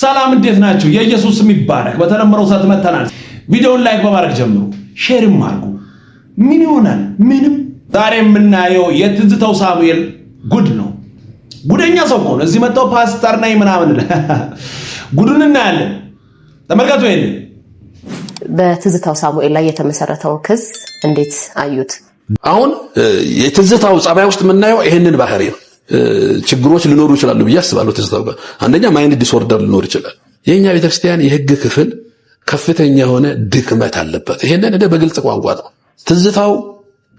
ሰላም እንዴት ናችሁ? የኢየሱስ ስም ይባረክ። በተለመደው ሰዓት መተናል። ቪዲዮውን ላይክ በማድረግ ጀምሩ፣ ሼርም አድርጉ። ምን ይሆናል? ምንም። ዛሬ የምናየው የትዝታው ሳሙኤል ጉድ ነው። ጉደኛ ሰው እኮ ነው። እዚህ መጣው ፓስተር ነኝ ምናምን ጉዱን እናያለን። ተመልከቱ። ይሄን በትዝታው ሳሙኤል ላይ የተመሰረተው ክስ እንዴት አዩት? አሁን የትዝታው ጸባይ ውስጥ የምናየው ይሄንን ባህሪ ነው። ችግሮች ሊኖሩ ይችላሉ ብዬ አስባለሁ። ተስተውቀ አንደኛ ማይንድ ዲስኦርደር ሊኖር ይችላል። የኛ ቤተክርስቲያን የህግ ክፍል ከፍተኛ የሆነ ድክመት አለበት። ይሄንን እንደ በግልጽ ቋንቋ ነው። ትዝታው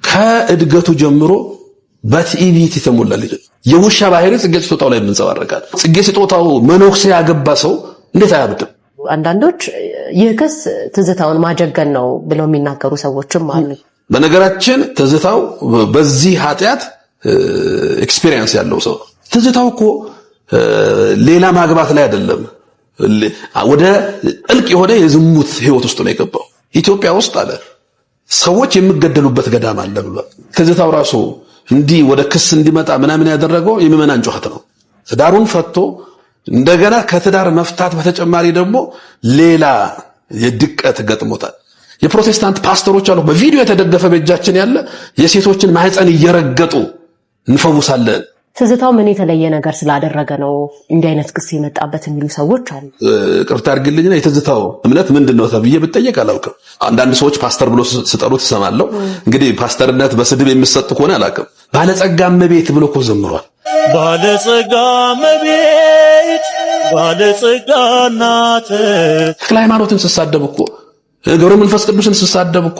ከእድገቱ ጀምሮ በትዕቢት የተሞላ ልጅ የውሻ ባህሪ ጽጌ ስጦታው ላይ የምንጸባረቃል። ጽጌ ስጦታው መነኩሴ ያገባ ሰው እንዴት አያብድም? አንዳንዶች ይህ ክስ ትዝታውን ማጀገን ነው ብለው የሚናገሩ ሰዎችም አሉ። በነገራችን ትዝታው በዚህ ኃጢአት ኤክስፒሪየንስ ያለው ሰው ትዝታው እኮ ሌላ ማግባት ላይ አይደለም፣ ወደ ጥልቅ የሆነ የዝሙት ህይወት ውስጥ ነው የገባው። ኢትዮጵያ ውስጥ አለ ሰዎች የሚገደሉበት ገዳም አለ ብሏል። ትዝታው ራሱ እንዲህ ወደ ክስ እንዲመጣ ምናምን ያደረገው የምዕመናን ጩኸት ነው። ትዳሩን ፈቶ እንደገና ከትዳር መፍታት በተጨማሪ ደግሞ ሌላ የድቀት ገጥሞታል። የፕሮቴስታንት ፓስተሮች አሉ በቪዲዮ የተደገፈ በእጃችን ያለ የሴቶችን ማህፀን እየረገጡ እንፈውሳለን። ትዝታው ምን የተለየ ነገር ስላደረገ ነው እንዲህ አይነት ክስ የመጣበት የሚሉ ሰዎች አሉ። ቅርታ አድርግልኝና የትዝታው እምነት ምንድን ነው ተብዬ ብጠየቅ አላውቅም። አንዳንድ ሰዎች ፓስተር ብሎ ስጠሩ ትሰማለሁ። እንግዲህ ፓስተርነት በስድብ የሚሰጥ ከሆነ አላውቅም። ባለጸጋ እመቤት ብሎ እኮ ዘምሯል። ባለጸጋ እመቤት ባለጸጋ እናት ተክለ ሃይማኖትን ስሳደብ እኮ ገብረ መንፈስ ቅዱስን ስሳደብ እኮ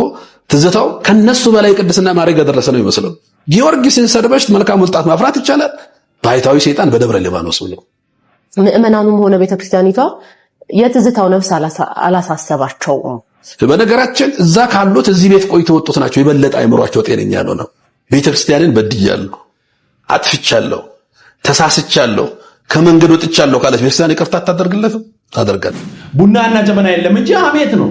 ትዝታው ከነሱ በላይ ቅድስና ማድረግ ያደረሰ ነው ይመስለው ጊዮርጊስን ሰድበሽ መልካም ወጣት ማፍራት ይቻላል። ባይታዊ ሰይጣን በደብረ ሊባኖስ ብሎ ምእመናኑም ሆነ ቤተክርስቲያኒቷ የትዝታው ነፍስ አላሳሰባቸውም። በነገራችን እዛ ካሉት እዚህ ቤት ቆይቶ ወጡት ናቸው የበለጠ አይምሯቸው ጤነኛ ነው ነው ቤተክርስቲያንን በድያለሁ፣ አጥፍቻለሁ፣ ተሳስቻለሁ፣ ከመንገድ ወጥቻለሁ ካለች ቤተክርስቲያን ይቅርታ አታደርግለትም? ታደርጋል። ቡናና ጀበና የለም እንጂ አቤት ነው።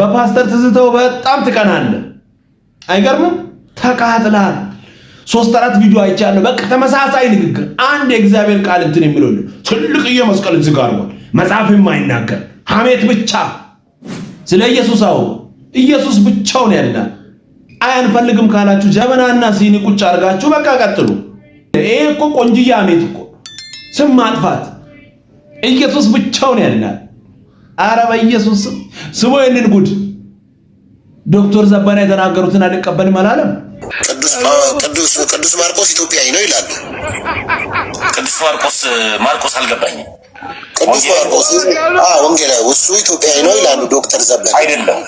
በፓስተር ትዝታው በጣም ትቀናለ አይገርምም? ተቃጥላል። ሶስት አራት ቪዲዮ አይቻለሁ። በቃ ተመሳሳይ ንግግር አንድ የእግዚአብሔር ቃል እንትን የሚለው ትልቅ መስቀል እዚህ ጋር ነው። መጽሐፍ የማይናገር ሐሜት ብቻ ስለ ኢየሱስ አው ኢየሱስ ብቻውን ያድናል። አያንፈልግም ካላችሁ ጀበናና ሲኒ ቁጭ አድርጋችሁ በቃ ቀጥሉ። ይሄ እኮ ቆንጅዬ ሐሜት እኮ ስም ማጥፋት። ኢየሱስ ብቻውን ያድናል። አረ በኢየሱስ ስሙ ይህንን ጉድ ዶክተር ዘበና የተናገሩትን አልቀበልም አላለም። ቅዱስ ማርቆስ ኢትዮጵያዊ ነው ይላሉ። ቅዱስ ማርቆስ ማርቆስ አልገባኝም። ቅዱስ ማርቆስ ወንጌላዊ እሱ ኢትዮጵያዊ ነው ይላሉ ዶክተር ዘበና። አይደለም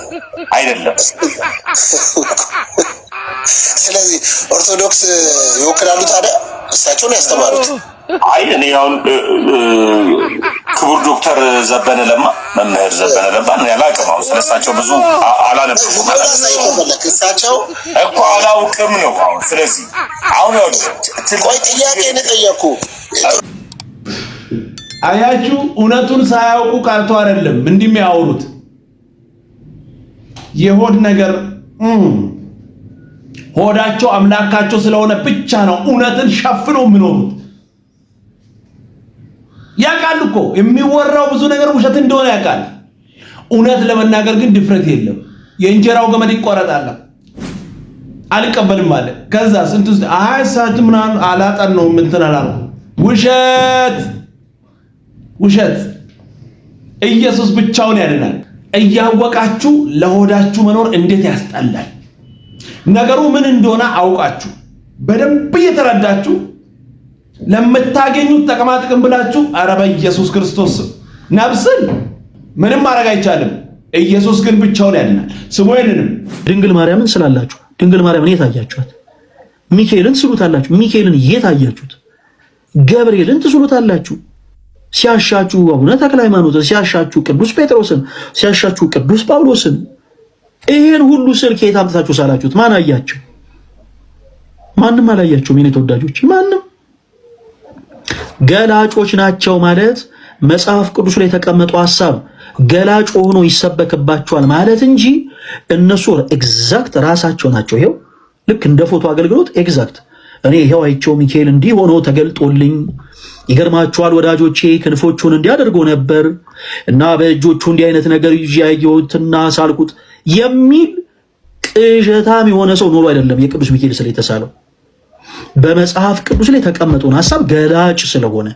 አይደለም። ስለዚህ ኦርቶዶክስ ይወክላሉ። ታዲያ እሳቸው ነው ያስተማሩት። አይ እኔ አሁን ክቡር ዶክተር ዘበነ ለማ መምህር ዘበነ ለማ ነው ያላቅም። አሁን ስለሳቸው ብዙ አላነብኩም ማለት ነው እኮ አላውቅም ነው። አሁን ስለዚህ አሁን ቆይ ጥያቄ ንጠየኩ አያችሁ፣ እውነቱን ሳያውቁ ቀርቶ አይደለም እንዲህ የሚያወሩት የሆድ ነገር ሆዳቸው አምላካቸው ስለሆነ ብቻ ነው እውነትን ሸፍኖ የሚኖሩት። ያውቃል እኮ የሚወራው ብዙ ነገር ውሸት እንደሆነ ያውቃል። እውነት ለመናገር ግን ድፍረት የለም። የእንጀራው ገመድ ይቆረጣል። አልቀበልም አለ። ከዛ ስንት ውስጥ አይ ሰዓት ምናምን ነው እንትን አላልኩም። ውሸት ውሸት። ኢየሱስ ብቻውን ያድናል። እያወቃችሁ ለሆዳችሁ መኖር እንዴት ያስጠላል! ነገሩ ምን እንደሆነ አውቃችሁ በደንብ እየተረዳችሁ ለምታገኙት ጥቅማ ጥቅም ብላችሁ ኧረ በኢየሱስ ክርስቶስ ነፍስን ምንም ማድረግ አይቻልም። ኢየሱስ ግን ብቻውን ያድናል። ስሙ ድንግል ማርያምን ስላላችሁ ድንግል ማርያምን የት አያችኋት? ሚካኤልን ትስሉታላችሁ። ሚካኤልን የት አያችሁት? ገብርኤልን ትስሉታላችሁ። ሲያሻችሁ አቡነ ተክለ ሃይማኖትን፣ ሲያሻችሁ ቅዱስ ጴጥሮስን፣ ሲያሻችሁ ቅዱስ ጳውሎስን። ይሄን ሁሉ ስል ከየት አምጥታችሁ ሳላችሁት? ማን አያቸው? ማንም አላያቸውም። የኔ ተወዳጆች ማንም ገላጮች ናቸው ማለት መጽሐፍ ቅዱስ ላይ የተቀመጠው ሐሳብ ገላጮ ሆኖ ይሰበክባቸዋል ማለት እንጂ እነሱ ኤግዛክት ራሳቸው ናቸው። ይሄው ልክ እንደ ፎቶ አገልግሎት ኤግዛክት እኔ ይሄው አይቼው ሚካኤል እንዲህ ሆኖ ተገልጦልኝ፣ ይገርማችኋል ወዳጆቼ ክንፎቹን እንዲያደርጎ ነበር እና በእጆቹ እንዲህ አይነት ነገር ይዤ ያየሁትና ሳልኩት የሚል ቅዠታም የሆነ ሰው ኖሮ አይደለም የቅዱስ ሚካኤል ስለ የተሳለው። በመጽሐፍ ቅዱስ ላይ የተቀመጠውን ሀሳብ ገላጭ ስለሆነ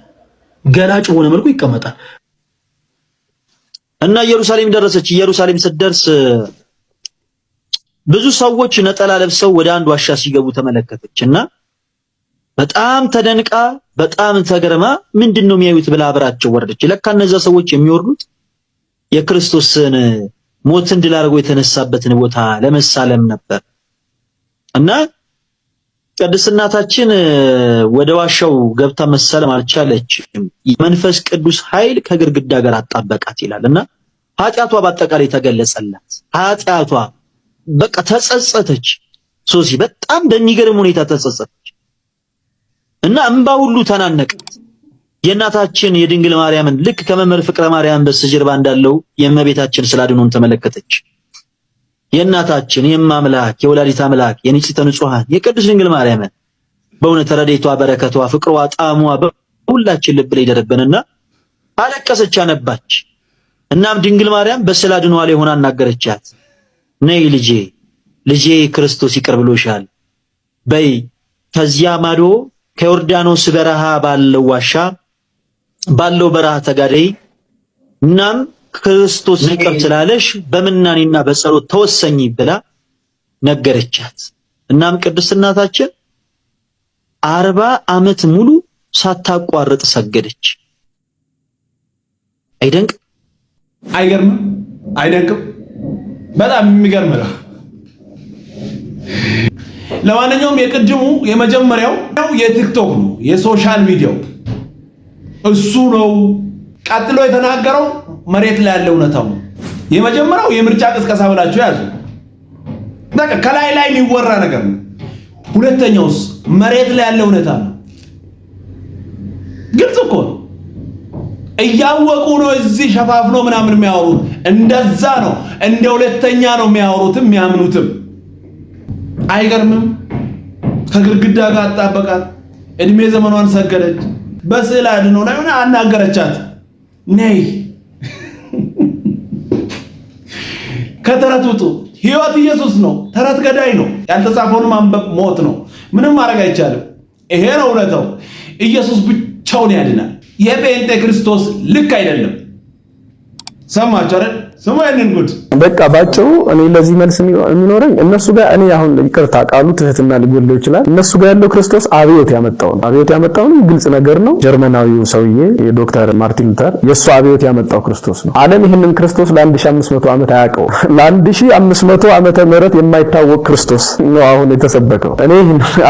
ገላጭ በሆነ መልኩ ይቀመጣል እና ኢየሩሳሌም ደረሰች። ኢየሩሳሌም ስትደርስ ብዙ ሰዎች ነጠላ ለብሰው ወደ አንድ ዋሻ ሲገቡ ተመለከተች እና በጣም ተደንቃ በጣም ተገርማ ምንድን ነው የሚያዩት ብላ አብራቸው ወረደች። ለካ እነዚያ ሰዎች የሚወርዱት የክርስቶስን ሞትን ድል አድርጎ የተነሳበትን ቦታ ለመሳለም ነበር እና ቅድስት እናታችን ወደ ዋሻው ገብታ መሰለም አልቻለችም። የመንፈስ ቅዱስ ኃይል ከግድግዳ ጋር አጣበቃት ይላል እና ኃጢአቷ በአጠቃላይ ተገለጸላት። ኃጢአቷ በቃ ተጸጸተች። ሶሲ በጣም በሚገርም ሁኔታ ተጸጸተች እና እንባ ሁሉ ተናነቀት። የእናታችን የድንግል ማርያምን ልክ ከመምህር ፍቅረ ማርያም በስተጀርባ እንዳለው የእመቤታችን ስለ አድኖን ተመለከተች። የእናታችን የማምላክ የወላዲት አምላክ የንጽሕተ ንጹሐን የቅድስት ድንግል ማርያምን በእውነት ረዴቷ፣ በረከቷ፣ ፍቅሯ፣ ጣዕሟ በሁላችን ልብ ላይ ይደረብንና አለቀሰች፣ አነባች። እናም ድንግል ማርያም በስዕለ አድኗ ላይ ሆና አናገረቻት። ነይ ልጄ ልጄ ክርስቶስ ይቅር ብሎሻል። በይ ከዚያ ማዶ ከዮርዳኖስ በረሃ ባለው ዋሻ ባለው በረሃ ተጋደይ እናም ክርስቶስ ይቅር ትላለሽ በምናኔና በጸሎት ተወሰኝ ብላ ነገረቻት። እናም ቅድስት እናታችን አርባ ዓመት ሙሉ ሳታቋርጥ ሰገደች። አይደንቅ? አይገርም አይደንቅም? በጣም የሚገርም ነው። ለማንኛውም የቅድሙ የመጀመሪያው የቲክቶክ ነው የሶሻል ሚዲያው እሱ ነው ቀጥሎ የተናገረው መሬት ላይ ያለ እውነታው ነው። የመጀመሪያው የምርጫ ቅስቀሳ ብላችሁ ያዙ። በቃ ከላይ ላይ የሚወራ ነገር ነው። ሁለተኛውስ መሬት ላይ ያለ እውነታ ነው። ግልጽ እኮ ነው። እያወቁ ነው እዚህ ሸፋፍኖ ምናምን የሚያወሩት። እንደዛ ነው፣ እንደ ሁለተኛ ነው የሚያወሩትም የሚያምኑትም። አይገርምም? ከግድግዳ ጋር አጣበቃት። እድሜ ዘመኗን ሰገደች። በስዕል አድኖ ላይ ሆነ አናገረቻት። ነይ ከተረት ውጡ። ህይወት ኢየሱስ ነው። ተረት ገዳይ ነው። ያልተጻፈውን ማንበብ ሞት ነው። ምንም ማድረግ አይቻልም። ይሄ ነው እውነታው። ኢየሱስ ብቻውን ያድናል። የጴንጤ ክርስቶስ ልክ አይደለም። ሰማችሁ አይደል? በቃ ባጭሩ እኔ ለዚህ መልስ የሚኖረኝ እነሱ ጋር እኔ አሁን ይቅርታ ቃሉ ትህትና ሊጎለው ይችላል። እነሱ ጋር ያለው ክርስቶስ አብዮት ያመጣው ነው። አብዮት ያመጣው ግልጽ ነገር ነው። ጀርመናዊው ሰውዬ የዶክተር ማርቲን ሉተር የእሱ አብዮት ያመጣው ክርስቶስ ነው። ዓለም ይህንን ክርስቶስ ለ1500 ዓመት አያውቀው። ለ1500 ዓመተ ምህረት የማይታወቅ ክርስቶስ ነው አሁን የተሰበከው። እኔ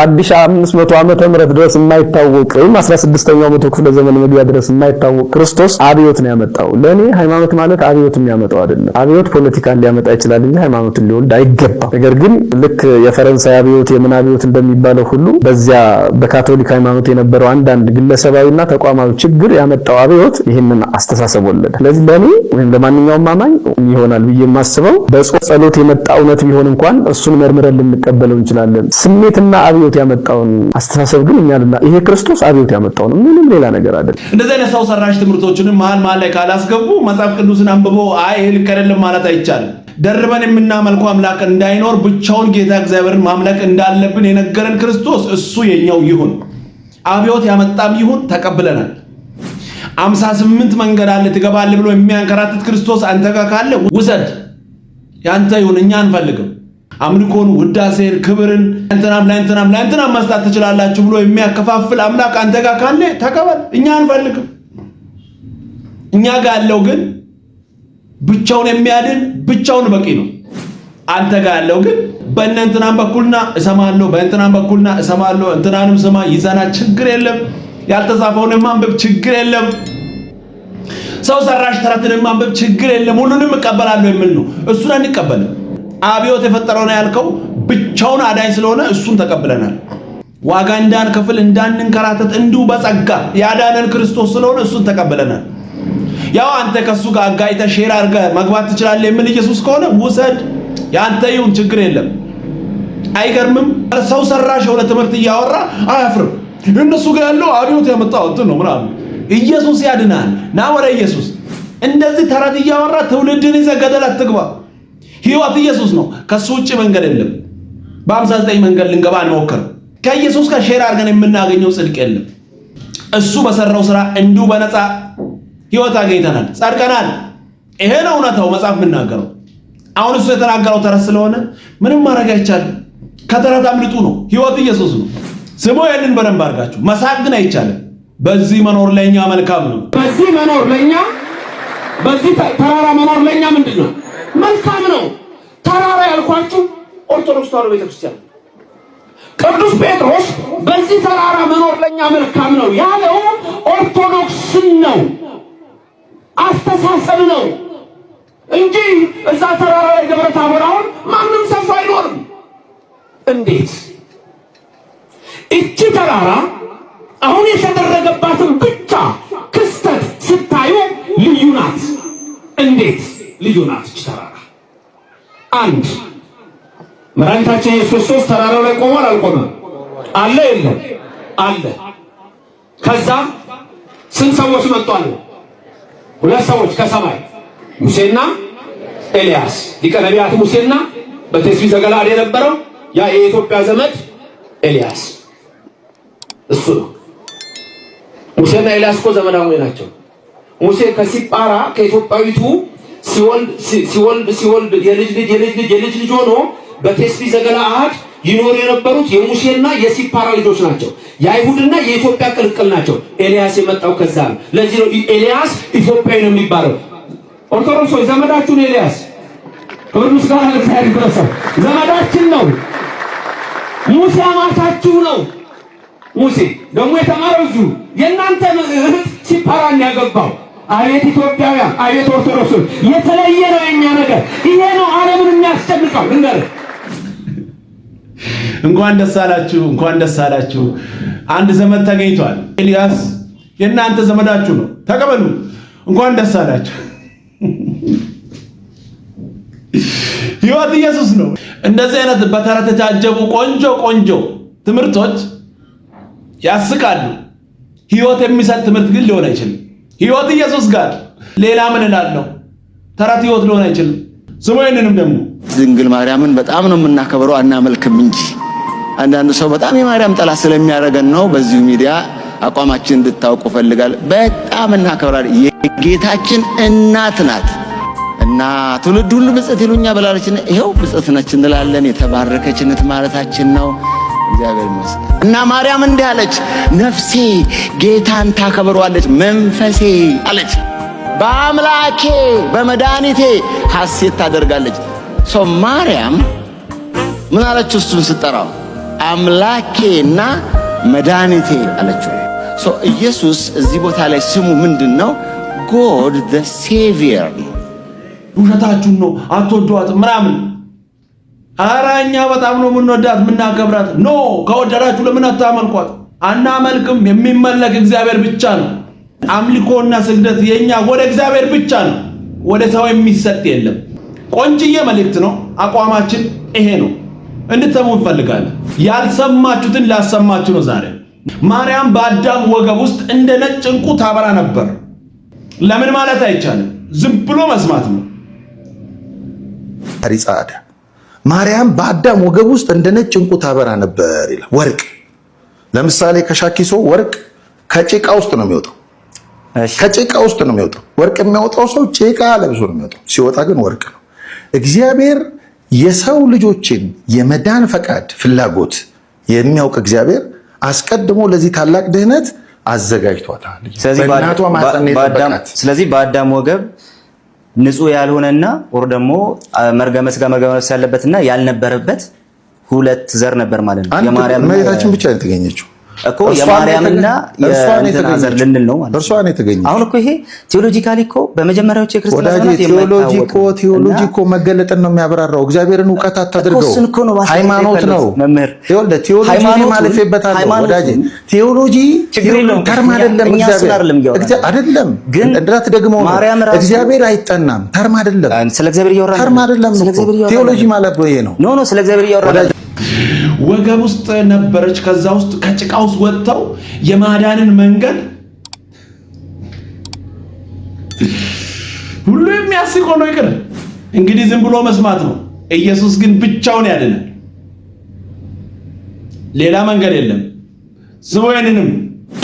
1500 ዓመተ ምህረት ድረስ የማይታወቅ ወይም 16ኛው መቶ ክፍለ ዘመን መግቢያ ድረስ የማይታወቅ ክርስቶስ አብዮት ነው ያመጣው። ለእኔ ሃይማኖት ማለት አብዮት የሚያመጣው ሰው አይደለም። አብዮት ፖለቲካን ሊያመጣ ይችላል እንጂ ሃይማኖትን ሊወልድ አይገባም። ነገር ግን ልክ የፈረንሳይ አብዮት የምን አብዮት እንደሚባለው ሁሉ በዚያ በካቶሊክ ሃይማኖት የነበረው አንዳንድ ግለሰባዊና ተቋማዊ ችግር ያመጣው አብዮት ይህንን አስተሳሰብ ወለደ። ስለዚህ ለእኔ ወይም ለማንኛውም አማኝ ይሆናል ብዬ የማስበው በጾ ጸሎት የመጣ እውነት ቢሆን እንኳን እሱን መርምረን ልንቀበለው እንችላለን። ስሜትና አብዮት ያመጣውን አስተሳሰብ ግን እኛ ይሄ ክርስቶስ አብዮት ያመጣው ነው፣ ምንም ሌላ ነገር አይደለም። እንደዚህ አይነት ሰው ሰራሽ ትምህርቶችንም መሀል መሀል ላይ ካላስገቡ መጽሐፍ ቅዱስን አንብቦ አይ ልክ አይደለም ማለት አይቻልም። ደርበን የምናመልኩ አምላክ እንዳይኖር ብቻውን ጌታ እግዚአብሔርን ማምለክ እንዳለብን የነገረን ክርስቶስ እሱ የኛው ይሁን። አብዮት ያመጣም ይሁን ተቀብለናል። አምሳ ስምንት መንገድ አለ ትገባለህ ብሎ የሚያንከራትት ክርስቶስ አንተ ጋር ካለ ውሰድ፣ ያንተ ይሁን፣ እኛ አንፈልግም። አምልኮን፣ ውዳሴን፣ ክብርን እንትናም ለእንትናም ለእንትናም መስጣት ትችላላችሁ ብሎ የሚያከፋፍል አምላክ አንተ ጋር ካለ ተቀበል፣ እኛ አንፈልግም። እኛ ጋር ያለው ግን ብቻውን የሚያድን ብቻውን በቂ ነው። አንተ ጋር ያለው ግን በእነ እንትናን በኩልና እሰማለሁ፣ በእንትናን በኩልና እሰማለሁ፣ እንትናንም ስማ ይዘና ችግር የለም። ያልተጻፈውን ማንበብ ችግር የለም። ሰው ሰራሽ ተረትን ማንበብ ችግር የለም። ሁሉንም እቀበላለሁ የሚል ነው። እሱን አንቀበልም። አብዮት የፈጠረው ነው ያልከው ብቻውን አዳኝ ስለሆነ እሱን ተቀብለናል። ዋጋ እንዳንከፍል እንዳንንከራተት እንዲሁ በጸጋ ያዳነን ክርስቶስ ስለሆነ እሱን ተቀብለናል። ያው አንተ ከሱ ጋር አጋይተ ሼር አድርገ መግባት ትችላለህ የሚል ኢየሱስ ከሆነ ውሰድ፣ ያንተ ይሁን፣ ችግር የለም። አይገርምም? ሰው ሰራሽ የሆነ ትምህርት እያወራ አያፍርም። እነሱ ጋር ያለው አብዮት ያመጣው እንትን ነው ምናምን። ኢየሱስ ያድናል። ና ወደ ኢየሱስ። እንደዚህ ተረት እያወራ ትውልድን ይዘህ ገደል አትግባ። ህይወት ኢየሱስ ነው። ከሱ ውጭ መንገድ የለም። በአምሳ ዘጠኝ መንገድ ልንገባ አንሞክር። ከኢየሱስ ጋር ሼር አድርገን የምናገኘው ጽድቅ የለም። እሱ በሰራው ስራ እንዲሁ በነፃ ህይወት አግኝተናል፣ ጸድቀናል። ይሄን እውነታው መጽሐፍ የምናገረው አሁን እሱ የተናገረው ተረት ስለሆነ ምንም ማድረግ አይቻልም። ከተረት አምልጡ ነው። ህይወት ኢየሱስ ነው። ስሙ ይሄንን በደንብ አድርጋችሁ። መሳቅ ግን አይቻልም። በዚህ መኖር ለኛ መልካም ነው። በዚህ መኖር ለኛ በዚህ ተራራ መኖር ለኛ ምንድን ነው መልካም ነው። ተራራ ያልኳችሁ ኦርቶዶክስ ተዋህዶ ቤተክርስቲያን ቅዱስ ጴጥሮስ በዚህ ተራራ መኖር ለኛ መልካም ነው ያለው ኦርቶዶክስን ነው አስተሳሰብ ነው እንጂ እዛ ተራራ ላይ ደብረ ታቦር አሁን ማንም ሰው አይኖርም። እንዴት እቺ ተራራ አሁን የተደረገባትን ብቻ ክስተት ስታዩ ልዩ ናት። እንዴት ልዩ ናት እቺ ተራራ? አንድ መድኃኒታችን ኢየሱስ ክርስቶስ ተራራው ላይ ቆሟል። አልቆመም? አለ የለም? አለ። ከዛ ስንት ሰዎች መጡ ሁለት ሰዎች ከሰማይ ሙሴና ኤልያስ ሊቀ ነቢያት ሙሴና በትስብእተ ዘገለዓድ የነበረው ያ የኢትዮጵያ ዘመድ ኤልያስ እሱ ነው። ሙሴና ኤልያስ እኮ ዘመዳሞች ናቸው። ሙሴ ከሲጳራ ከኢትዮጵያዊቱ ሲወልድ ሲወልድ ሲወልድ የልጅ ልጅ የልጅ ልጅ የልጅ ልጅ ሆኖ በትስብእተ ዘገለዓድ ይኖሩ የነበሩት የሙሴና የሲፓራ ልጆች ናቸው። የአይሁድና የኢትዮጵያ ቅልቅል ናቸው። ኤልያስ የመጣው ከዛ ነው። ለዚህ ነው ኤልያስ ኢትዮጵያዊ ነው የሚባለው። ኦርቶዶክሶች ዘመዳችሁን ኤልያስ ክብር ጋር ለእግዚአብሔር ይድረሰው። ዘመዳችን ነው። ሙሴ አማታችሁ ነው። ሙሴ ደግሞ የተማረው እዚሁ የእናንተ እህት ሲፓራን ያገባው። አቤት ኢትዮጵያውያን፣ አቤት ኦርቶዶክሶች! የተለየ ነው የኛ ነገር። ይሄ ነው ዓለምን የሚያስጨንቀው። እንደርህ እንኳን ደስ አላችሁ፣ እንኳን ደስ አላችሁ። አንድ ዘመድ ተገኝቷል። ኤልያስ የእናንተ ዘመዳችሁ ነው፣ ተቀበሉ። እንኳን ደስ አላችሁ። ሕይወት ኢየሱስ ነው። እንደዚህ አይነት በተረት የታጀቡ ቆንጆ ቆንጆ ትምህርቶች ያስቃሉ። ሕይወት የሚሰጥ ትምህርት ግን ሊሆን አይችልም። ሕይወት ኢየሱስ ጋር ሌላ ምን እላለሁ? ተረት ሕይወት ሊሆን አይችልም። ስሙ ይህንንም ደግሞ ድንግል ማርያምን በጣም ነው የምናከብረው፣ አናመልክም እንጂ አንዳንዱ ሰው በጣም የማርያም ጠላት ስለሚያደርገን ነው። በዚሁ ሚዲያ አቋማችን እንድታውቁ ፈልጋል። በጣም እናከብራለን። የጌታችን እናት ናት እና ትውልድ ሁሉ ብጽት ይሉኛ ብላለች። ይኸው ብጽት ነች እንላለን። የተባረከች ነት ማለታችን ነው። እግዚአብሔር ይመስገን እና ማርያም እንዲህ አለች፣ ነፍሴ ጌታን ታከብረዋለች፣ መንፈሴ አለች በአምላኬ በመድኃኒቴ ሐሴት ታደርጋለች። ሰው ማርያም ምን አለችው? እሱን ስጠራው አምላኬና መድኃኒቴ አለችው። ሰው ኢየሱስ እዚህ ቦታ ላይ ስሙ ምንድን ነው? ጎድ ዘ ሴቪየር ነው። ውሸታችሁን ነው አትወዷት ምናምን ኧረ እኛ በጣም ነው የምንወዳት የምናከብራት። ኖ ከወደዳችሁ ለምን አታመልኳት? አናመልክም። የሚመለክ እግዚአብሔር ብቻ ነው። አምልኮና ስግደት የኛ ወደ እግዚአብሔር ብቻ ነው። ወደ ሰው የሚሰጥ የለም። ቆንጅዬ መልእክት ነው። አቋማችን ይሄ ነው። እንድትሰሙ እንፈልጋለን። ያልሰማችሁትን ላሰማችሁ ነው ዛሬ። ማርያም በአዳም ወገብ ውስጥ እንደ ነጭ እንቁ ታበራ ነበር። ለምን ማለት አይቻልም፣ ዝም ብሎ መስማት ነው። ጻዕዳ ማርያም በአዳም ወገብ ውስጥ እንደ ነጭ እንቁ ታበራ ነበር ይላል። ወርቅ ለምሳሌ ከሻኪሶ ወርቅ ከጭቃ ውስጥ ነው የሚወጣው። ከጭቃ ውስጥ ነው የሚወጣው። ወርቅ የሚያወጣው ሰው ጭቃ ለብሶ ነው የሚወጣው። ሲወጣ ግን ወርቅ ነው። እግዚአብሔር የሰው ልጆችን የመዳን ፈቃድ ፍላጎት የሚያውቅ እግዚአብሔር አስቀድሞ ለዚህ ታላቅ ድህነት አዘጋጅቷታል። ስለዚህ በአዳም ወገብ ንጹህ ያልሆነና ኦር ደግሞ መርገመ ስጋ መርገመ ነፍስ ያለበትና ያልነበረበት ሁለት ዘር ነበር ማለት ነው። የማርያም እመቤታችን ብቻ ነው የተገኘችው። እኮ የማርያምና የእንትናዘር ልንል ነው ማለት እርሷ ነው የተገኘ። አሁን እኮ ይሄ ቴዎሎጂካሊ እኮ በመጀመሪያዎቹ የክርስትና ዘመናት ቴዎሎጂ እኮ ቴዎሎጂ እኮ መገለጥን ነው የሚያብራራው። እግዚአብሔርን እውቀት አታድርገው፣ ሃይማኖት ነው መምህር። ይኸውልህ ቴዎሎጂ ማለፌበታለሁ ወዳጅ። ቴዎሎጂ ተርም አይደለም እግዚአብሔር አይደለም ግን እንድራት ደግሞ እግዚአብሔር አይጠናም። ተርም አይደለም፣ ስለ እግዚአብሔር እያወራን ተርም አይደለም። ቴዎሎጂ ማለት ነው ይሄ ነው። ኖ ኖ ስለ እግዚአብሔር እያወራን ወገብ ውስጥ ነበረች። ከዛ ውስጥ ከጭቃ ውስጥ ወጥተው የማዳንን መንገድ ሁሉ የሚያስቆ ነው። ይቅር እንግዲህ ዝም ብሎ መስማት ነው። ኢየሱስ ግን ብቻውን ያድናል። ሌላ መንገድ የለም። ስሙ ይህንንም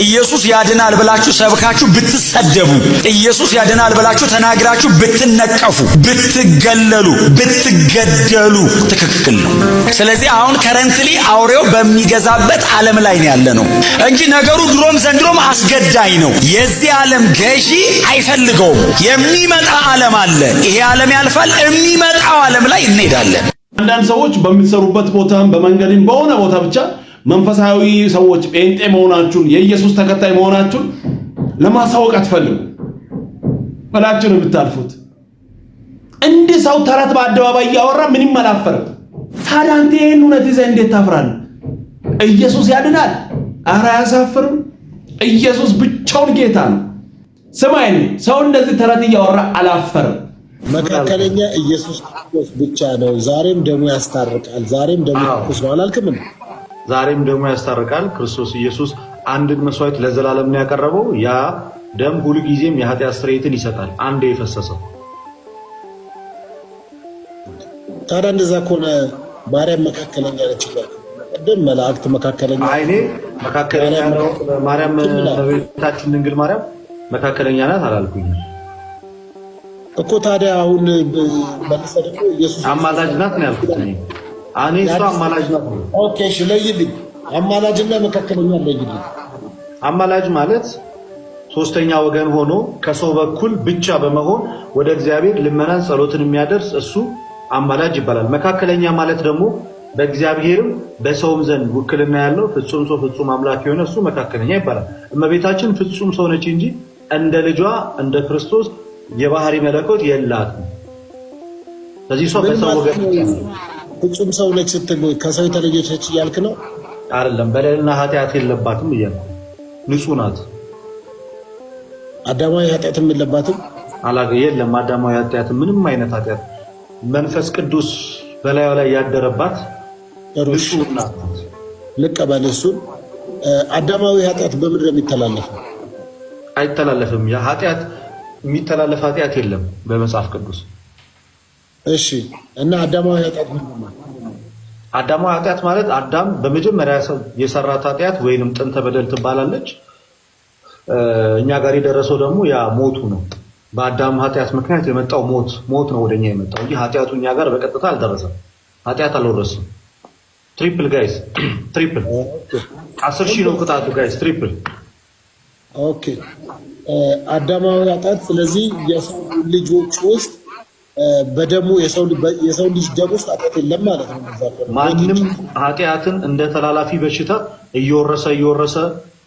ኢየሱስ ያድናል ብላችሁ ሰብካችሁ ብትሰደቡ፣ ኢየሱስ ያድናል ብላችሁ ተናግራችሁ ብትነቀፉ፣ ብትገለሉ፣ ብትገደሉ ትክክል ነው። ስለዚህ አሁን ከረንትሊ አውሬው በሚገዛበት ዓለም ላይ ነው ያለ ነው እንጂ ነገሩ ድሮም ዘንድሮም አስገዳኝ ነው። የዚህ ዓለም ገዢ አይፈልገውም። የሚመጣ ዓለም አለ። ይሄ ዓለም ያልፋል። የሚመጣው ዓለም ላይ እንሄዳለን። አንዳንድ ሰዎች በሚሰሩበት ቦታም በመንገድም በሆነ ቦታ ብቻ መንፈሳዊ ሰዎች ጴንጤ መሆናችሁን የኢየሱስ ተከታይ መሆናችሁን ለማሳወቅ አትፈልጉ። በላችሁ ነው የምታልፉት። እንዲህ ሰው ተረት በአደባባይ እያወራ ምንም አላፈረም። ታዲያ አንተ ይህን እውነት ይዘህ እንዴት ታፍራለህ? ኢየሱስ ያድናል። ኧረ አያሳፍርም። ኢየሱስ ብቻውን ጌታ ነው። ስማይን ሰው እንደዚህ ተረት እያወራ አላፈርም። መካከለኛ ኢየሱስ ክርስቶስ ብቻ ነው። ዛሬም ደሙ ያስታርቃል። ዛሬም ደሙ ያኩስ ነው አላልክም? ዛሬም ደግሞ ያስታርቃል። ክርስቶስ ኢየሱስ አንድን መስዋዕት ለዘላለም ነው ያቀረበው። ያ ደም ሁል ጊዜም የኃጢአት ስርየትን ይሰጣል። አንድ የፈሰሰው ታዲያ እንደዛ ከሆነ ማርያም መካከለኛ ነች ቅድም መላእክት መካከለኛ አይኔ መካከለኛ ነው። ማርያም እመቤታችን ድንግል ማርያም መካከለኛ ናት አላልኩኝ እኮ። ታዲያ አሁን መልሰ ደግሞ ኢየሱስ አማላጅ ናት ነው ያልኩት። እኔ እሷ አማላጅ ነው። ኦኬ እሺ፣ ለይልኝ። አማላጅና መካከለኛ ለይልኝ። አማላጅ ማለት ሶስተኛ ወገን ሆኖ ከሰው በኩል ብቻ በመሆን ወደ እግዚአብሔር ልመናን፣ ጸሎትን የሚያደርስ እሱ አማላጅ ይባላል። መካከለኛ ማለት ደግሞ በእግዚአብሔርም በሰውም ዘንድ ውክልና ያለው ፍጹም ሰው ፍጹም አምላክ የሆነ እሱ መካከለኛ ይባላል። እመቤታችን ፍጹም ሰው ነች እንጂ እንደ ልጇ እንደ ክርስቶስ የባህሪ መለኮት የላትም። ስለዚህ እሷ በሰው ወገን ፍጹም ሰው ነች ስትል ከሰው የተለየች ነች እያልክ ነው? አይደለም። በደልና ኃጢአት የለባትም እያለ ንጹህ ናት። አዳማዊ ኃጢአትም የለባትም አላገ የለም። አዳማዊ ኃጢአት ምንም አይነት ኃጢአት መንፈስ ቅዱስ በላዩ ላይ ያደረባት ንጹህ ናት። ልቀበል እሱን። አዳማዊ ኃጢአት በምድር የሚተላለፍ አይተላለፍም። ኃጢአት የሚተላለፍ ኃጢአት የለም በመጽሐፍ ቅዱስ እሺ እና አዳማዊ ኃጢአት አዳማዊ ኃጢአት ማለት አዳም በመጀመሪያ ሰው የሰራት ኃጢአት ወይንም ጥንተ በደል ትባላለች። እኛ ጋር የደረሰው ደግሞ ያ ሞቱ ነው። በአዳም ኃጢአት ምክንያት የመጣው ሞት ሞት ነው ወደኛ የመጣው እንጂ ኃጢአቱ እኛ ጋር በቀጥታ አልደረሰም። ኃጢአት አልወረስም። ትሪፕል ጋይስ ትሪፕል አስር ሺህ ነው ቅጣቱ ጋይስ ትሪፕል ኦኬ አዳማዊ ኃጢአት ስለዚህ የሰው ልጆች ውስጥ በደሙ የሰው ልጅ ደም ውስጥ አጠት የለም ማለት ነው። ማንም ኃጢአትን እንደ ተላላፊ በሽታ እየወረሰ እየወረሰ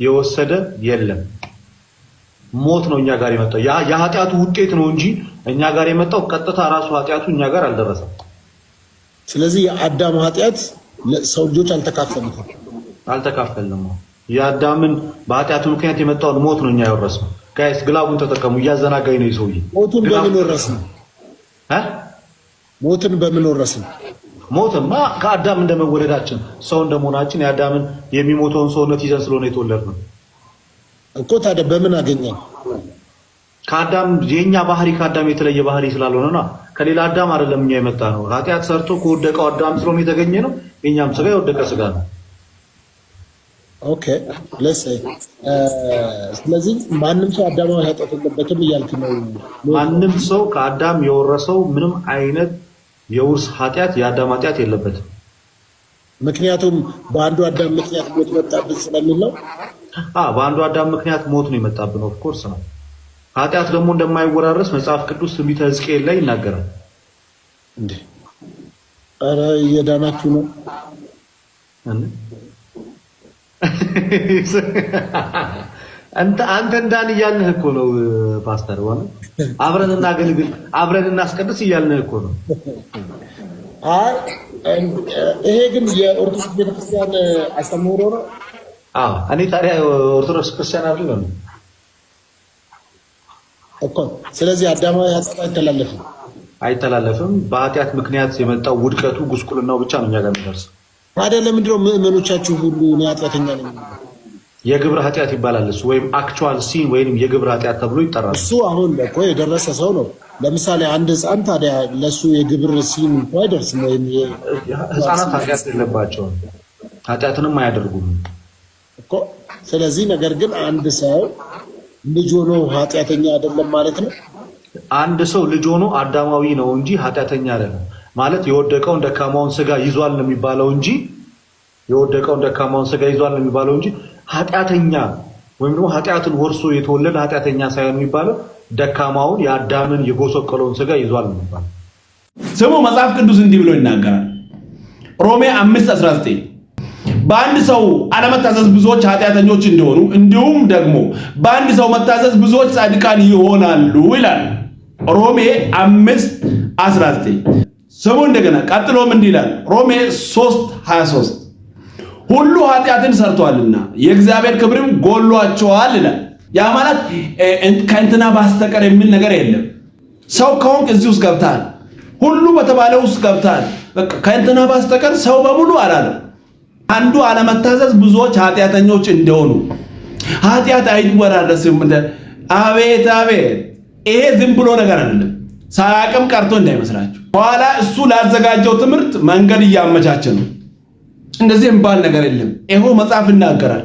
የወሰደ የለም። ሞት ነው እኛ ጋር የመጣው የኃጢአቱ ውጤት ነው እንጂ እኛ ጋር የመጣው ቀጥታ ራሱ ኃጢአቱ እኛ ጋር አልደረሰም። ስለዚህ የአዳም ኃጢአት ሰው ልጆች አልተካፈሉት አልተካፈልም። የአዳምን በኃጢአቱ ምክንያት የመጣውን ሞት ነው እኛ የወረስነው። ጋይስ ግላቡን ተጠቀሙ። እያዘናጋኝ ነው የሰውዬ ሞቱን በምን ወረስነው? ሞትን በምን ወረስን? ሞትማ ከአዳም እንደመወለዳችን ሰው እንደመሆናችን የአዳምን የሚሞተውን ሰውነት ይዘን ስለሆነ የተወለድነው እኮ። ታዲያ በምን አገኘን? ከአዳም የኛ ባህሪ ከአዳም የተለየ ባህሪ ስላልሆነና ከሌላ አዳም አይደለም እኛ የመጣ ነው። ኃጢአት ሰርቶ ከወደቀው አዳም ስለሆነ የተገኘ ነው። የኛም ስጋ የወደቀ ስጋ ነው። ኦኬ ለስ ስለዚህ ማንም ሰው አዳም የለበትም እያልክ ነው። ማንም ሰው ከአዳም የወረሰው ምንም አይነት የውርስ ኃጢአት የአዳም ኃጢአት የለበትም። ምክንያቱም በአንዱ አዳም ምክንያት ሞት መጣብን ስለሚል ነው። በአንዱ አዳም ምክንያት ሞት ነው የመጣብን። ኦፍኮርስ ነው። ኃጢአት ደግሞ እንደማይወራረስ መጽሐፍ ቅዱስ ትንቢተ ሕዝቅኤል ላይ ይናገራል። እንዴ ኧረ እየዳናችሁ ነው አንተ እንዳን እያልንህ እኮ ነው ፓስተር፣ ሆነ አብረን እናገልግል፣ አብረን እናስቀድስ እያልንህ እኮ ነው። አይ ይሄ ግን የኦርቶዶክስ ቤተክርስቲያን አስተምህሮ ነው። አዎ እኔ ታዲያ ኦርቶዶክስ ክርስቲያን አብሪ ነው እኮ። ስለዚህ አዳማዊ ሀሳብ አይተላለፍም፣ አይተላለፍም። በኃጢአት ምክንያት የመጣው ውድቀቱ ጉስቁልናው ብቻ ነው እኛ ጋር የሚደርሰው ታዲያ ለምንድነው ምእመኖቻችሁ ሁሉ እኔ ኃጢአተኛ የግብር ኃጢአት ይባላል እሱ ወይም አክቹዋል ሲን ወይም የግብር ኃጢአት ተብሎ ይጠራል። እሱ አሁን እኮ የደረሰ ሰው ነው። ለምሳሌ አንድ ህፃን ታዲያ ለእሱ የግብር ሲን አይደርስም። ወይም ህፃናት ኃጢአት የለባቸውም ኃጢአትንም አያደርጉም እኮ። ስለዚህ ነገር ግን አንድ ሰው ልጅ ሆኖ ኃጢአተኛ አይደለም ማለት ነው። አንድ ሰው ልጅ ሆኖ አዳማዊ ነው እንጂ ኃጢአተኛ አይደለም። ማለት የወደቀውን ደካማውን ስጋ ይዟል ነው የሚባለው እንጂ የወደቀውን ደካማውን ስጋ ይዟል ነው የሚባለው እንጂ ኃጢአተኛ ወይም ደግሞ ኃጢአትን ወርሶ የተወለደ ኃጢአተኛ ሳይሆን የሚባለው ደካማውን የአዳምን የጎሰቀለውን ስጋ ይዟል ነው የሚባለው። ስሙ መጽሐፍ ቅዱስ እንዲህ ብሎ ይናገራል። ሮሜ 5:19 በአንድ ሰው አለመታዘዝ ብዙዎች ኃጢአተኞች እንደሆኑ እንዲሁም ደግሞ በአንድ ሰው መታዘዝ ብዙዎች ጻድቃን ይሆናሉ ይላል። ሮሜ 5:19 ስሙ እንደገና ቀጥሎም እንዲህ ይላል ሮሜ 3 23 ሁሉ ኃጢአትን ሰርቷልና የእግዚአብሔር ክብርም ጎሏቸዋል ይላል። ያ ማለት ከእንትና ባስተቀር የሚል ነገር የለም። ሰው ከሆንክ እዚህ ውስጥ ገብታል። ሁሉ በተባለ ውስጥ ገብታል። በቃ ከእንትና ባስተቀር ሰው በሙሉ አላለ። አንዱ አለመታዘዝ ብዙዎች ኃጢአተኞች እንደሆኑ ኃጢአት አይወራረስም። አቤት አቤት! ይሄ ዝም ብሎ ነገር አይደለም። ሳያቅም ቀርቶ እንዳይመስላችሁ በኋላ እሱ ላዘጋጀው ትምህርት መንገድ እያመቻቸ ነው። እንደዚህ የሚባል ነገር የለም። ይኸው መጽሐፍ ይናገራል።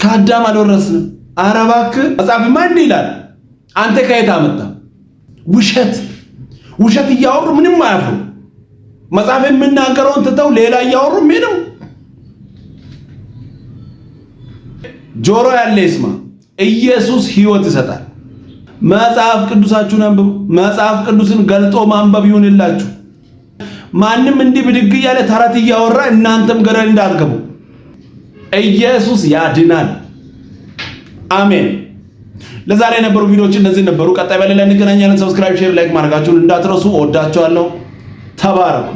ከአዳም አልወረስንም። ኧረ እባክህ መጽሐፍማ ይላል። አንተ ከየት አመጣ? ውሸት ውሸት እያወሩ ምንም አያፍሩ። መጽሐፍ የሚናገረውን ትተው ሌላ እያወሩ ምንም ጆሮ ያለ ይስማ። ኢየሱስ ህይወት ይሰጣል። መጽሐፍ ቅዱሳችሁን አንብቡ። መጽሐፍ ቅዱስን ገልጦ ማንበብ ይሁንላችሁ። ማንም እንዲህ ብድግ እያለ ተረት እያወራ እናንተም ገደል እንዳትገቡ። ኢየሱስ ያድናል። አሜን። ለዛሬ የነበሩ ቪዲዮዎች እነዚህ ነበሩ። ቀጣይ በሌላ እንገናኛለን። ሰብስክራይብ፣ ሼር፣ ላይክ ማድረጋችሁን እንዳትረሱ። ወዳችኋለሁ። ተባረኩ።